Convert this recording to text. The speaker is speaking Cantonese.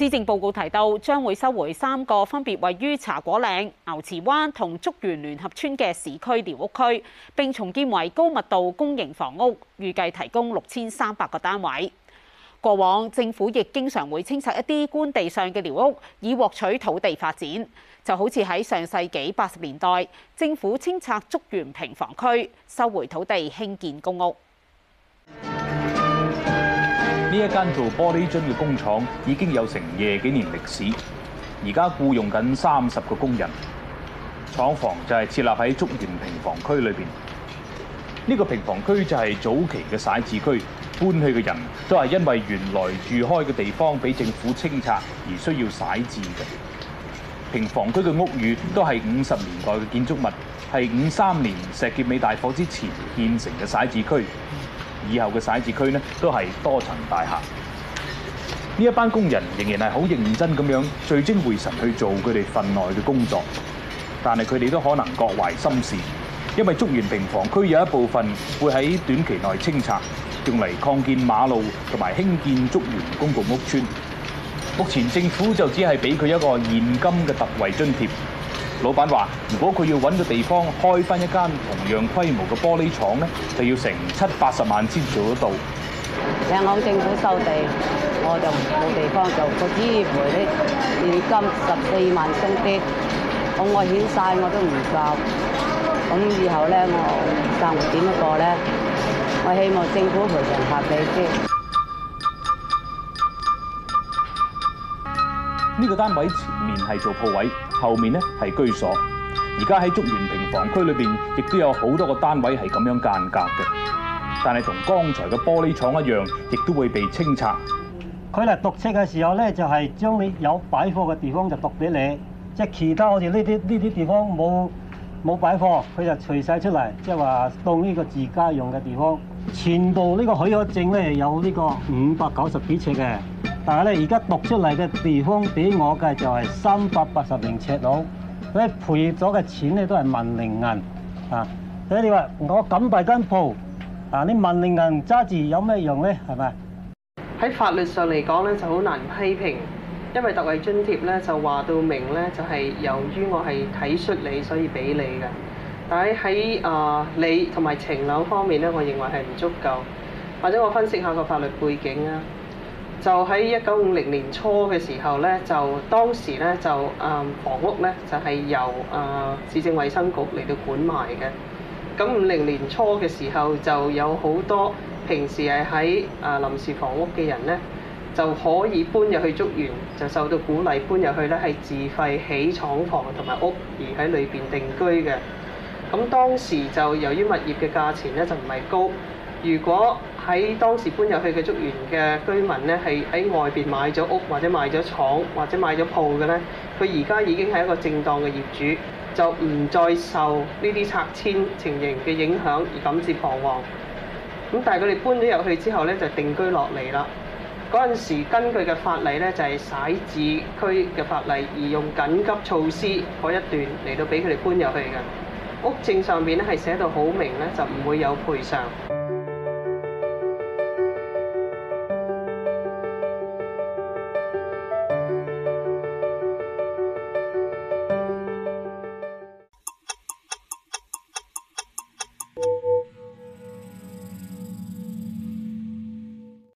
施政報告提到將會收回三個分別位於茶果嶺、牛池灣同竹園聯合村嘅市區寮屋區，并重建為高密度公營房屋，預計提供這一間做玻璃樽嘅工廠已經有成廿幾年歷史，而家僱用緊三十個工人。廠房就係設立喺竹園平房區裏邊。呢個平房區就係早期嘅徙置區，搬去嘅人都係因為原來住開嘅地方俾政府清拆而需要徙置嘅。平房區嘅屋宇都係五十年代嘅建築物，係五三年石硤尾大火之前建成嘅徙置區。以後嘅老闆話，如果佢要搵個地方開返一間同樣規模嘅玻璃廠咧，就要成七八十萬先做得到。其實我政府收地，我就冇地方做，就個支援啲現金十四萬公爹，我我險曬我都唔交。咁以後咧，我生活點樣過咧？我希望政府賠償合理啲。呢、這個單位前面係做鋪位，後面呢係居所。而家喺竹園平房區裏邊，亦都有好多個單位係咁樣間隔嘅。但係同剛才嘅玻璃廠一樣，亦都會被清拆。佢嚟度尺嘅時候呢，就係、是、將你有擺貨嘅地方就度俾你，即係其他好似呢啲呢啲地方冇冇擺貨，佢就除晒出嚟，即係話到呢個自家用嘅地方。全部呢個許可證呢，有呢個五百九十幾尺嘅。但係咧，而家讀出嚟嘅地方，俾我嘅就係三百八十零尺佬，所以賠咗嘅錢咧都係萬零銀啊！所以你話我咁大間鋪，啊，啲萬零銀揸住有咩用咧？係咪？喺法律上嚟講咧，就好難批評，因為特惠津貼咧就話到明咧，就係、是、由於我係體恤你，所以俾你嘅。但係喺啊，你同埋情樓方面咧，我認為係唔足夠。或者我分析下個法律背景啊。就喺一九五零年初嘅時候咧，就當時咧就啊房屋咧就係由啊市政衛生局嚟到管埋嘅。咁五零年初嘅時候就有好多平時係喺啊臨時房屋嘅人咧，就可以搬入去竹園，就受到鼓勵搬入去咧係自費起廠房同埋屋而喺裏邊定居嘅。咁當時就由於物業嘅價錢咧就唔係高，如果喺當時搬入去嘅竹園嘅居民咧，係喺外邊買咗屋，或者買咗廠，或者買咗鋪嘅咧，佢而家已經係一個正當嘅業主，就唔再受呢啲拆遷情形嘅影響而感至彷徨。咁但係佢哋搬咗入去之後咧，就定居落嚟啦。嗰陣時根據嘅法例咧，就係徙置區嘅法例而用緊急措施嗰一段嚟到俾佢哋搬入去嘅屋證上面咧，係寫到好明咧，就唔會有賠償。